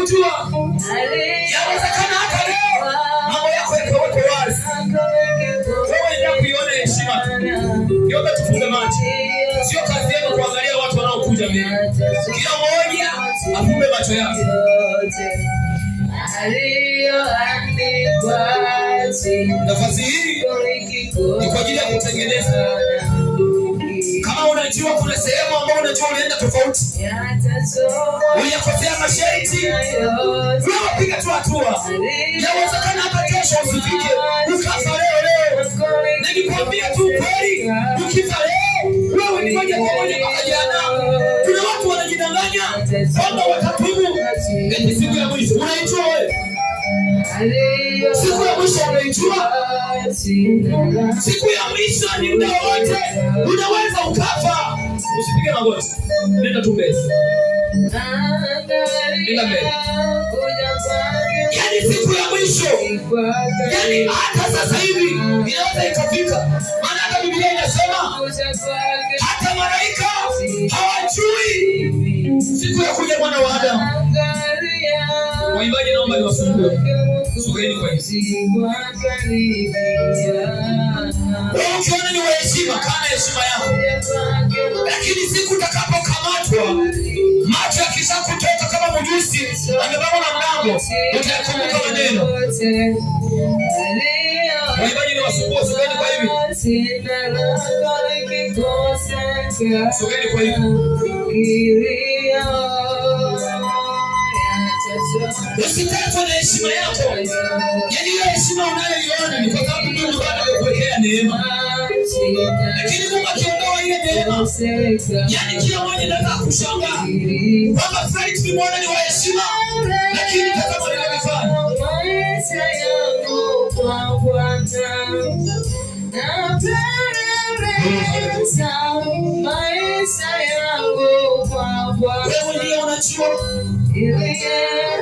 kujua. Yawezekana hata leo mambo yako yakawekwe wazi, wewe ndio kuiona heshima. Niombe tufunge macho, sio kazi yenu kuangalia watu wanaokuja mbele. Kila mmoja afumbe macho yake nafasi hii ni kwa ajili ya kutengeneza unajua kuna sehemu ambayo unajua unaenda tofauti, uliyakosea masharti. Wewe piga tu hatua, yawezekana hata kesho usifike ukafa leo leo. Nikikwambia tu kweli, ukifa leo wewe ni moja kwa moja mpaka jana. Kuna watu wanajidanganya kwamba watatubu eti siku ya mwisho unaitwa Siku ya mwisho unaijua? Siku ya mwisho ni muda wote, unaweza ukafa. Usipige magoti, nenda tu mbele, Yani siku ya mwisho, yani hata sasa hivi inaweza ikafika, maana hata Biblia inasema hata malaika hawajui siku ya kuja mwana wa Adamu. Waimbaji naomba niwafungue. Sogeni kwa heshima. Wewe heshima, kana heshima yako. Lakini siku utakapokamatwa, macho yakishakutoka kama mjusi amebebwa na mlango, utayakumbuka maneno. Waimbaji niwafungue, sogeni kwa hivi. Sogeni kwa hivi. Usikatwe na heshima yako. Yaani ile heshima unayoiona ni kwa sababu Mungu bado amekuwekea neema. Lakini Mungu akiondoa ile neema, yaani kila mmoja anaweza kushanga kwamba fulani tulimwona ni wa heshima, lakini tazama linavyofanya. Wewe ndio unajua.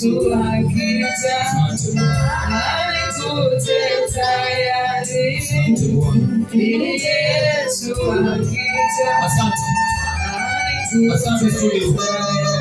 tuagiza hali tutetayari ili Yesu akiza hali tutetayari